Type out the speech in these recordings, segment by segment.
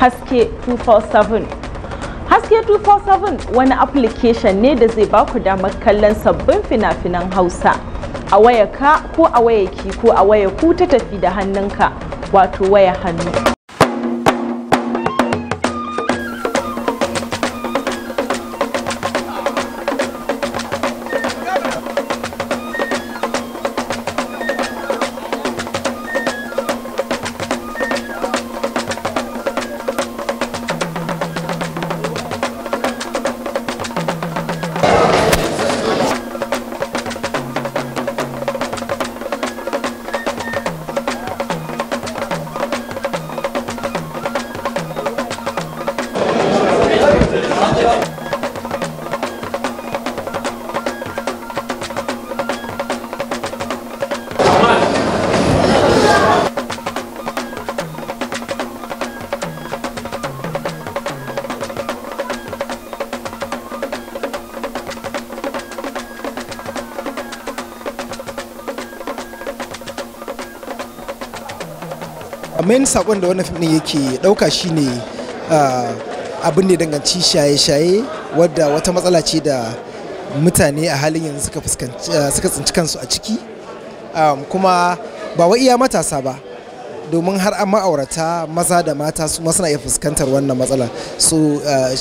haske 247 haske 247 wani application ne da zai baku damar kallon sabbin fina-finan hausa a waya ka ko a waya ki ko a waya ku ta tafi da hannunka wato waya hannu main sakon da wannan fim din yake dauka shine abin da danganci shaye-shaye wadda wata matsala ce da mutane a halin yanzu suka fuskanci suka tsinci kansu a ciki kuma ba wai iya matasa ba domin har an ma'aurata maza da mata su suna iya fuskantar wannan matsala so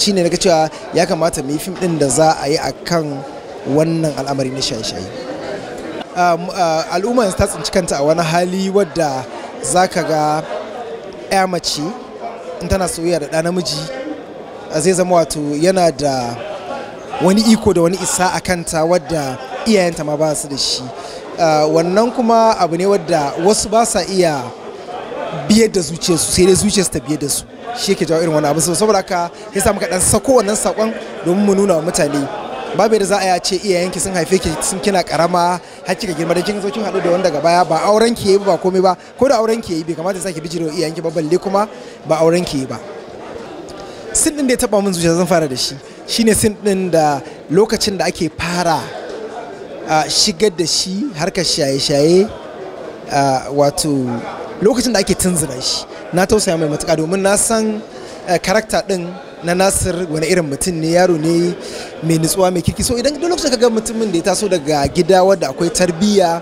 shine naga cewa ya kamata mu yi fim din da za a yi akan wannan al'amari na shaye-shaye al'umma ta tsinci kanta a wani hali wadda za ka ga 'ya mace in tana soyayya da ɗa namiji zai zama wato yana da wani iko da wani isa a kanta wadda iyayenta ma ba su da shi wannan kuma abu ne wadda wasu ba sa iya biyar da zuciyarsu sai dai zuciyarsu ta biyar da su shi ke jawo irin wani abu saboda haka ya sa muka dan sako wannan sakon domin mu nuna wa mutane babu da za a ce iyayenki sun haife ki sun kina karama har kika girma da kin zo kin hadu da wanda gaba baya ba auren ki yayi ba komai ba ko da auren ki yayi bai kamata saki bijiro iyayenki ba balle kuma ba auren ki yayi ba sin din da ya taba min zuciya zan fara da shi shine sin din da lokacin da ake fara shigar da shi harkar shaye-shaye wato lokacin da ake tunzura shi na tausaya mai matuka domin na san karakta eh, din na nasir wani irin mutum ne yaro ne mai nutsuwa mai kirki so idan duk lokacin ka ga mutumin da ya taso daga gida wadda akwai tarbiyya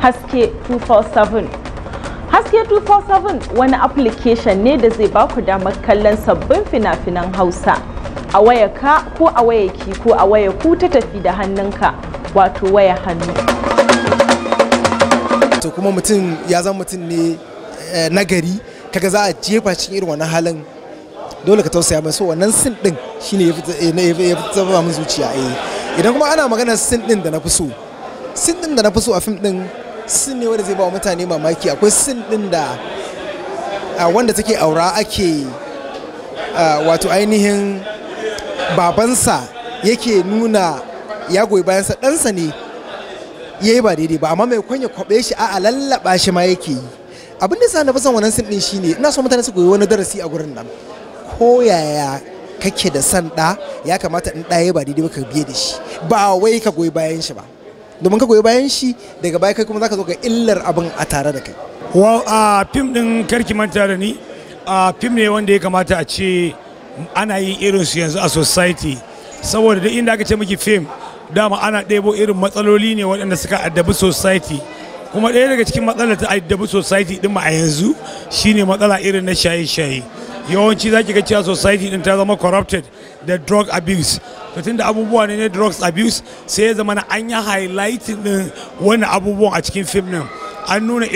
haske 247 haske 247 wani application ne da zai baku damar kallon sabbin fina-finan hausa a wayarka ko a wayarki ko a waya ku ta tafi da hannunka wato waya hannu to kuma mutum ya zama mutum ne eh, nagari kaga za a jefa cikin irin wani halin dole ka tausaya mai so wannan sin din shine ya fi zama eh, min zuciya eh idan kuma ana maganar sin din da na fi so sin din da na fi so a fim din sin ne wanda zai ba wa mutane mamaki akwai sin din da wanda take aura ake wato ainihin babansa yake nuna ya goyi bayansa ɗansa ne ya yi ba daidai ba amma mai kwanya kwaɓe shi a lallaɓa shi ma yake yi abin da sa na fi son wannan sin din shine ina so mutane su goyi wani darasi a gurin nan koyaya kake da san ɗa ya kamata in ɗaya ba daidai ka biye da shi ba wai ka goyi bayan shi ba domin ka goyi bayan shi daga baya kai kuma zaka zo ga illar abin a tare da kai wow a fim din karki manta da ni a fim ne wanda ya kamata a ce ana yin irin su yanzu a society saboda duk inda aka ce miki fim dama ana ɗebo irin matsaloli ne waɗanda suka addabi society kuma ɗaya daga cikin matsalar ta addabi society din ma a yanzu shine matsala irin na shaye-shaye yawanci za ki ga cewa society din ta zama corrupted da drug abuse to tunda abubuwa ne na drugs abuse sai ya zama na an yi highlighting din wani abubuwan a cikin film din an nuna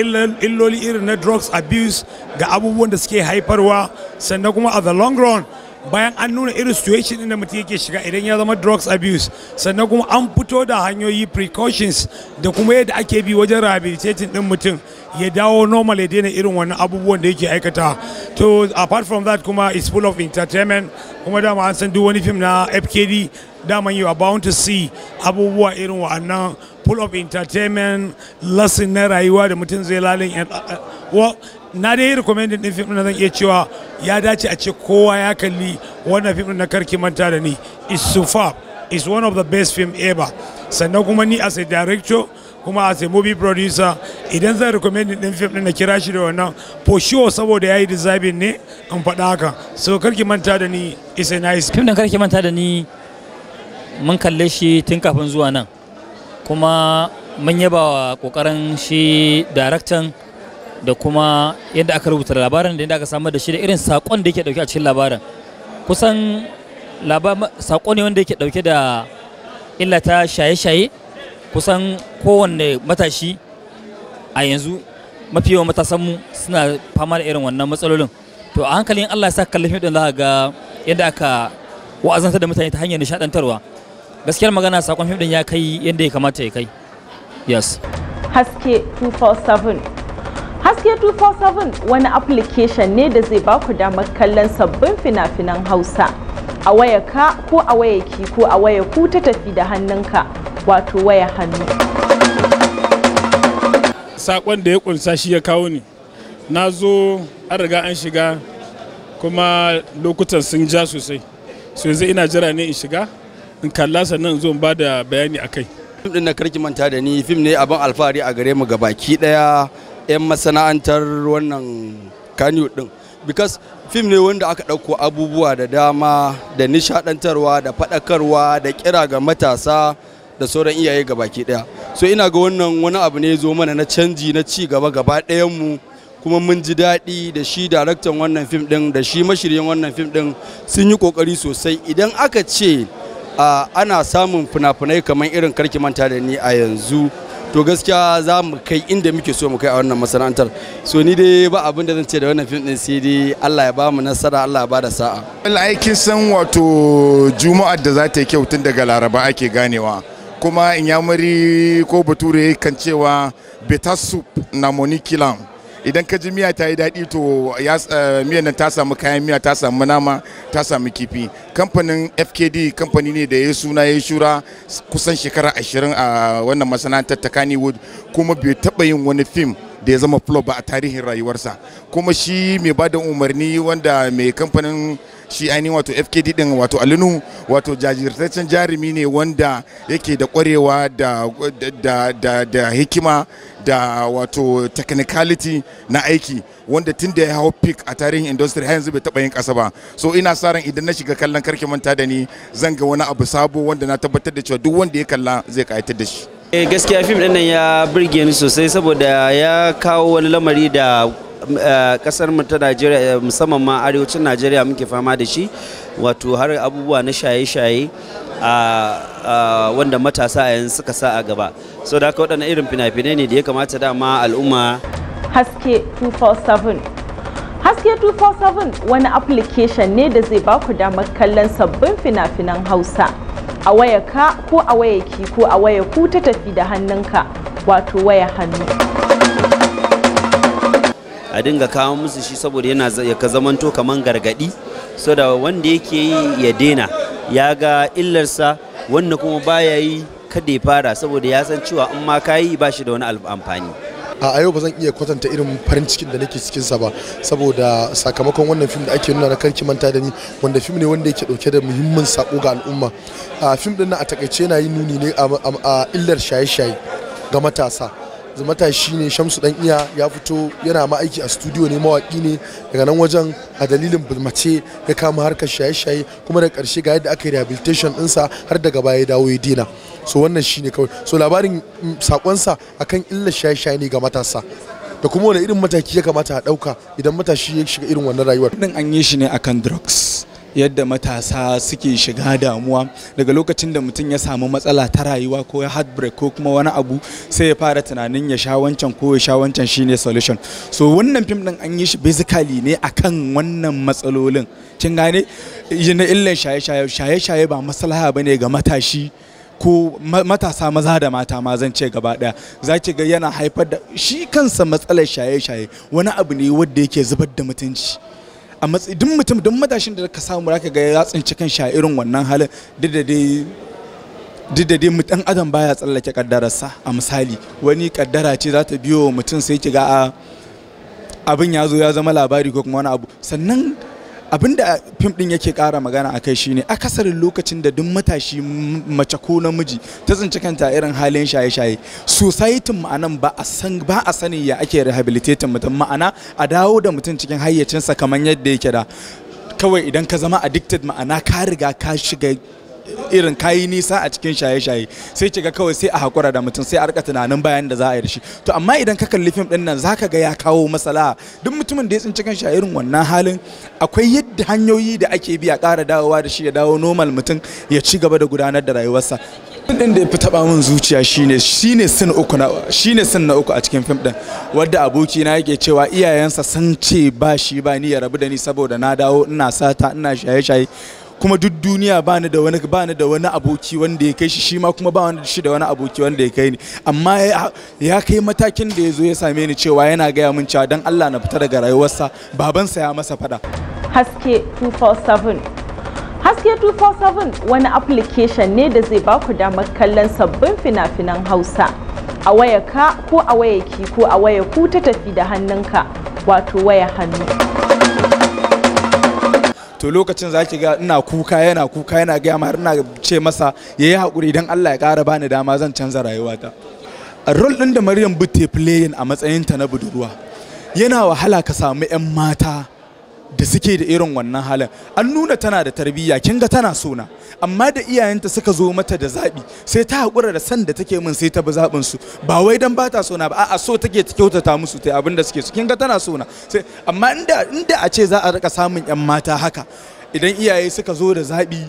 illoli irin na drugs abuse ga abubuwan da suke haifarwa sannan kuma a the long run bayan an nuna irin situation din da mutum yake shiga idan ya zama drugs abuse sannan kuma an fito da hanyoyi precautions da kuma yadda ake bi wajen rehabilitating din mutum ya dawo normal ya daina irin wani abubuwan da yake aikata to apart from that kuma is full of entertainment kuma dama an san duk wani fim na fkd dama you are bound to see abubuwa irin wa'annan full of entertainment lesson na rayuwa da mutum zai lalin uh, uh, na dai yi recommended din film na zan iya cewa ya dace a ce kowa ya kalli wannan fim na karki manta da ni is superb is one of the best film ever sannan kuma ni as a director kuma as a movie producer idan zan recommend din film din na kira shi da wannan for sure saboda yayi deserving ne an faɗa haka so karki manta da ni is a nice film din karki manta da ni mun kalle shi tun kafin zuwa nan kuma mun yaba wa kokarin shi daraktan da kuma yadda aka rubuta labarin da yadda aka samar da shi da irin sakon da yake dauke a cikin labarin kusan sakon ne wanda yake dauke da illa ta shaye-shaye kusan kowanne matashi a yanzu mafi yawan matasanmu suna fama da irin wannan matsalolin to a hankalin Allah ya sa kallafin fim din za ga yadda aka wa'azantar da mutane ta hanyar nishadantarwa gaskiyar magana sakon fim din ya kai yadda ya kamata ya kai yes haske 247 haske 247 wani application ne da zai baku damar kallon sabbin fina-finan hausa a wayarka ko a wayarki ko a wayarku ta tafi da hannunka wato waya hannu sakon da ya kunsa shi ya kawo ni na zo an riga an shiga kuma lokutan sun ja sosai so yanzu ina jira ne in shiga in kalla sannan zo in ba da bayani a kai fim din na karki manta da ni fim ne abin alfahari a gare mu gabaki daya yan masana'antar wannan kaniyo din because fim ne wanda aka ɗauko abubuwa da dama da nishaɗantarwa da faɗakarwa da kira ga matasa da sauran iyaye baki daya so ina ga wannan wani abu ne zo mana na canji na ci gaba gaba mu kuma mun ji daɗi da shi daraktan wannan fim ɗin da shi mashiryin wannan fim ɗin sun yi ƙoƙari sosai idan aka ce ana samun fina-finai kamar irin karki manta da ni a yanzu to gaskiya za mu kai inda muke so mu kai a wannan masana'antar so ni dai ba abin da zan ce da wannan fim ɗin sai dai Allah ya ba mu nasara Allah ya ba da sa'a. Aikin san wato juma'ar da za ta yi kyau tun daga laraba ake ganewa. kuma inyamuri ko bature kan cewa beta soup na monikilam idan ka ji miya ta yi daɗi to eh, miyan nan ta samu kayan miya ta samu nama ta samu kifi kamfanin fkd kamfani ne da ya suna ya shura kusan shekara ashirin a wannan masana'antar ta kannywood kuma bai taɓa yin wani fim da ya zama flop ba a tarihin rayuwarsa kuma shi mai bada umarni wanda mai kamfanin shi ainihin wato fkd din wato alinu wato jajirtaccen jarumi ne wanda yake da kwarewa da, da, hikima da wato technicality na aiki wanda tun da ya hau peak a tarihin industry yanzu bai taɓa yin kasa ba so ina sa ran idan na shiga kallon karki manta da ni zan ga wani abu sabo wanda na tabbatar da cewa duk wanda ya kalla zai kayatar da shi eh, gaskiya fim din nan ya burge ni sosai saboda ya kawo wani lamari da kasar mu ta Najeriya eh, musamman ma arewacin Najeriya muke fama da shi wato har abubuwa na shaye-shaye wanda matasa a yanzu suka sa a gaba so da ka waɗannan irin fina-finai ne da ya kamata dama al'umma haske 247 haske 247 wani application ne da zai baku damar kallon sabbin fina-finan hausa a waya ka ko a wayarki ko a waya ku ta tafi da hannunka wato waya hannu a dinga kawo musu shi saboda yana ka zamanto kaman gargadi so da wanda yake yi ya dena ya ga illarsa wanda kuma baya yi kada ya fara saboda ya san cewa in ma ka yi ba shi da wani amfani a yau ba zan iya kwatanta irin farin cikin da nake cikin sa ba saboda sakamakon wannan fim da ake nuna na karki manta da ni wanda fim ne wanda yake dauke da muhimmin sako ga al'umma a fim din na a takaice yana yin nuni ne a illar shaye-shaye ga matasa matashi shi ne shamsu dan iya ya fito yana ma'aiki a studio ne mawaki ne daga nan wajen a dalilin bulmace ya kama harkar shaye-shaye kuma da karshe ga yadda aka yi rehabilitation ɗinsa har daga baya ya dawo ya dina so wannan shi ne kawai so labarin mm, sakonsa akan illar shaye-shaye ne ga matasa da kuma wani irin mataki ya kamata a ɗauka idan matashi ya shiga irin wannan rayuwar. Ɗin an yi shi ne akan drugs. yadda matasa suke shiga damuwa daga lokacin da mutum ya samu matsala ta rayuwa ko ya heartbreak ko kuma wani abu sai ya fara tunanin ya sha wancan ko ya sha wancan shine solution so wannan fim din an yi shi basically ne akan wannan matsalolin kin gane na illan shaye-shaye shaye-shaye ba maslaha bane ga matashi ko matasa maza da mata ma zan ce gaba daya za ga yana haifar da shi kansa matsalar shaye-shaye wani abu ne wanda yake zubar da mutunci a duk mutum duk matashin da ka samu zaka ga ya tsinci kan sha irin wannan halin duk da dai duk da dai mutan adam baya tsallake kaddararsa a misali wani kaddara ce za ta biyo mutum sai ki a abin ya zo ya zama labari ko kuma wani abu sannan abinda fim din yake kara magana a kai shine akasarin lokacin da duk matashi mace ko namiji ta tsinci kanta irin halin shaye-shaye society mu anan ba a san ba a sanin ya ake rehabilitating mutum ma'ana a dawo da mutum cikin hayyacinsa kamar yadda yake da kawai idan ka zama addicted ma'ana ka riga ka shiga irin kayi nisa a cikin shaye-shaye sai kiga kawai sai a hakura da mutum sai a rika tunanin bayan da za a yi da shi to amma idan ka kalli fim din nan zaka ga ya kawo masala duk mutumin da ya tsinci kan irin wannan halin akwai yadda hanyoyi da ake bi a ƙara dawowa da shi ya dawo normal mutum ya ci gaba da gudanar da rayuwarsa fim din da ya fi taba min zuciya shine shine sin uku na shine sin na uku a cikin fim din wanda aboki na yake cewa iyayensa sun ce ba shi ba ni ya rabu da ni saboda na dawo ina sata ina shaye-shaye kuma duk duniya ba ni da wani ba ni da wani aboki wanda ya kai shi shi ma kuma ba wani shi da wani aboki wanda ya kai ni amma ya kai matakin da ya zo ya same ni cewa yana gaya min cewa dan Allah na fita daga rayuwarsa babansa ya masa fada haske 247 haske 247 wani application ne da zai baku damar kallon sabbin fina-finan hausa a ka ko a wayarki ko a wayar ku ta tafi da hannunka wato waya hannu to lokacin za ki ga ina kuka yana kuka yana gaya ma ina ce masa ya yi haƙuri don Allah ya ƙara bani dama zan canza rayuwata rol ɗin da Maryam bute playing a matsayinta na budurwa yana wahala ka samu 'yan mata da suke da irin wannan halin an nuna tana da tarbiyya kin ga tana sona amma da iyayenta suka zo mata da zabi sai ta hakura da san da take min sai ta bi zaɓin su ba wai dan ba ta sona ba a'a so take ta kyautata musu tai abin da suke su kin ga tana sona sai amma inda inda a ce za a rika samun yan mata haka idan iyaye suka zo da zabi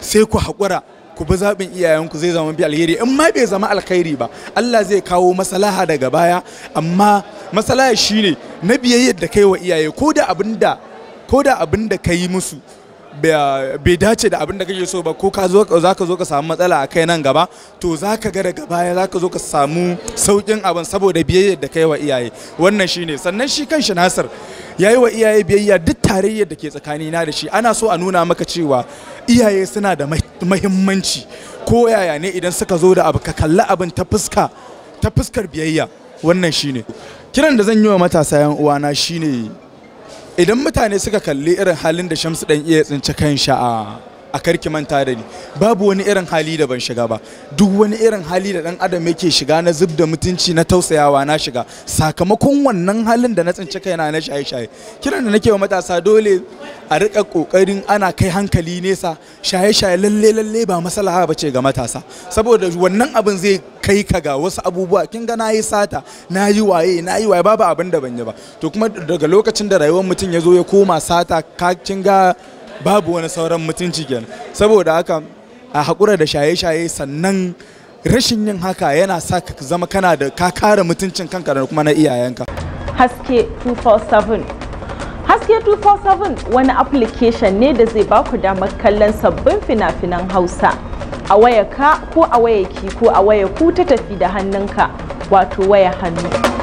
sai ku hakura. ku bi zaɓin iyayenku zai zama bi alheri in ma bai zama alkhairi ba Allah zai kawo maslaha daga baya amma maslaha shine na biyayyar da kai wa iyaye ko da abin da ko da abin kai musu bai dace da abin da kake so ba ko ka zo za ka zo ka samu matsala a kai nan gaba to za ka ga daga baya za ka zo ka samu saukin abin saboda biyayyar da kai wa iyaye wannan shine sannan shi kanshi Nasir yayi wa iyaye biyayya duk tarayyar da ke tsakanina da shi ana so a nuna maka cewa iyaye suna da mahimmanci ko yaya ne idan suka zo da abu ka kalli abin ta fuska ta fuskar biyayya wannan shine kiran da zan yi wa matasa yan uwana shine idan mutane suka kalli irin halin da Shamsu dan iya tsince kan sha'a a karki manta da ni babu wani irin hali da ban shiga ba duk wani irin hali da dan adam yake shiga na zub da mutunci na tausayawa na shiga sakamakon wannan halin da na tsinci kaina na shaye-shaye kiran da nake wa matasa dole a rika kokarin ana kai hankali nesa shaye-shaye lalle lalle ba maslaha ba ce ga matasa saboda wannan abin zai kai ka ga wasu abubuwa kin ga nayi sata nayi waye nayi waye babu abin da ban yi ba to kuma daga lokacin da rayuwar mutum ya zo ya koma sata ka kin ga babu wani sauran mutunci kenan saboda haka a haƙura da shaye-shaye sannan rashin yin haka yana sa ka zama kana da ka kare mutuncin kanka da kuma na iyayenka haske 247 haske 247 wani application ne da zai baku damar kallon sabbin fina-finan hausa a waya ka ko a wayarki ko a waya ku ta tafi da hannunka wato waya hannu